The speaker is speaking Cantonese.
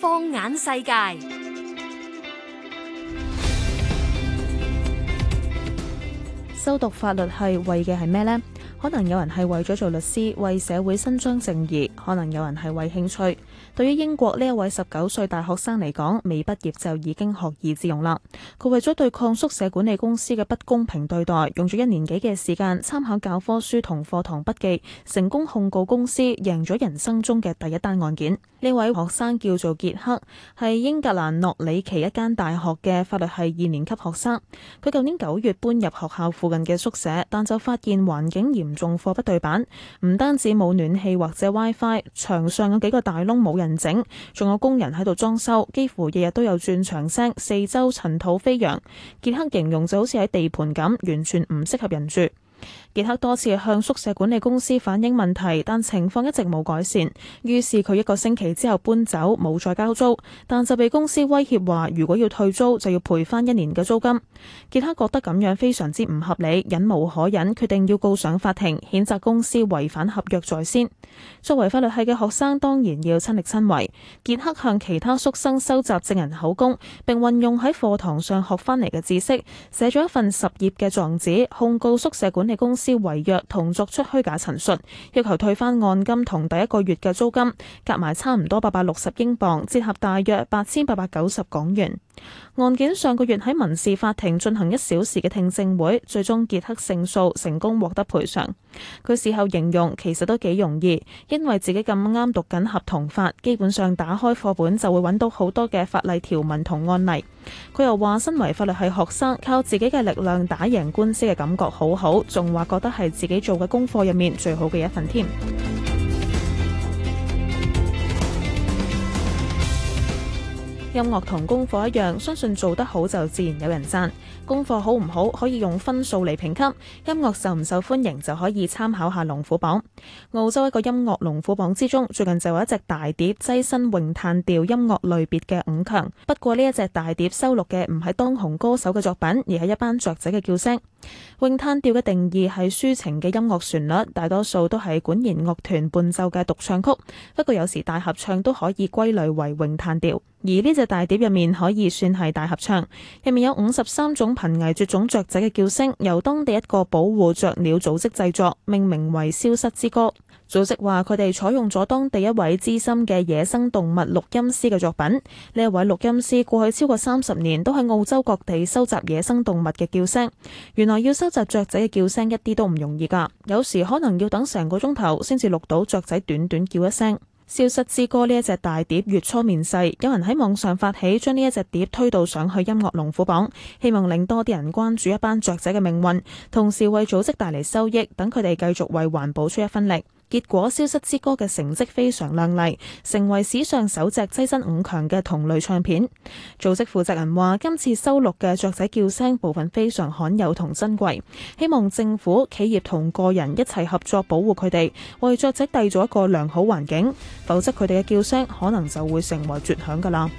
放眼世界，修讀法律係為嘅係咩呢？可能有人係為咗做律師，為社會伸張正義；可能有人係為興趣。對於英國呢一位十九歲大學生嚟講，未畢業就已經學以致用啦。佢為咗對抗宿舍管理公司嘅不公平對待，用咗一年幾嘅時間參考教科書同課堂筆記，成功控告公司，贏咗人生中嘅第一單案件。呢位學生叫做傑克，係英格蘭諾里奇一間大學嘅法律系二年級學生。佢舊年九月搬入學校附近嘅宿舍，但就發現環境嚴重貨不對板，唔單止冇暖氣或者 WiFi，牆上有幾個大窿冇人整，仲有工人喺度裝修，幾乎日日都有鑽牆聲，四周塵土飛揚。傑克形容就好似喺地盤咁，完全唔適合人住。傑克多次向宿舍管理公司反映問題，但情況一直冇改善。於是佢一個星期之後搬走，冇再交租。但就被公司威脅話，如果要退租就要賠翻一年嘅租金。傑克覺得咁樣非常之唔合理，忍無可忍，決定要告上法庭，譴責公司違反合約在先。作為法律系嘅學生，當然要親力親為。傑克向其他宿生收集證人口供，並運用喺課堂上學翻嚟嘅知識，寫咗一份十頁嘅狀紙控告宿舍管理公司。是違約同作出虛假陳述，要求退翻按金同第一個月嘅租金，夾埋差唔多八百六十英鎊，折合大約八千八百九十港元。案件上個月喺民事法庭進行一小時嘅聽證會，最終傑克勝訴，成功獲得賠償。佢事後形容其實都幾容易，因為自己咁啱讀緊合同法，基本上打開課本就會揾到好多嘅法例條文同案例。佢又話身為法律系學生，靠自己嘅力量打贏官司嘅感覺好好，仲話覺得係自己做嘅功課入面最好嘅一份添。音樂同功課一樣，相信做得好就自然有人讚。功課好唔好可以用分數嚟評級，音樂受唔受歡迎就可以參考下龍虎榜。澳洲一個音樂龍虎榜之中，最近就有一隻大碟躋身詠嘆調音樂類別嘅五強。不過呢一隻大碟收錄嘅唔係當紅歌手嘅作品，而係一班雀仔嘅叫聲。詠嘆調嘅定義係抒情嘅音樂旋律，大多數都係管弦樂團伴奏嘅獨唱曲，不過有時大合唱都可以歸類為詠嘆調。而呢隻大碟入面可以算係大合唱，入面有五十三種瀕危絕種雀仔嘅叫聲，由當地一個保護雀鳥組織製作，命名為《消失之歌》。組織話佢哋採用咗當地一位資深嘅野生動物錄音師嘅作品。呢一位錄音師過去超過三十年都喺澳洲各地收集野生動物嘅叫聲。原來要收集雀仔嘅叫聲一啲都唔容易噶，有時可能要等成個鐘頭先至錄到雀仔短短叫一聲。消失之歌呢一隻大碟月初面世，有人喺網上發起將呢一隻碟推到上去音樂龍虎榜，希望令多啲人關注一班雀仔嘅命運，同時為組織帶嚟收益，等佢哋繼續為環保出一分力。結果消失之歌嘅成績非常亮麗，成為史上首隻躋身五強嘅同類唱片。組織負責人話：今次收錄嘅雀仔叫聲部分非常罕有同珍貴，希望政府、企業同個人一齊合作保護佢哋，為雀仔締造一個良好環境，否則佢哋嘅叫聲可能就會成為絕響㗎啦。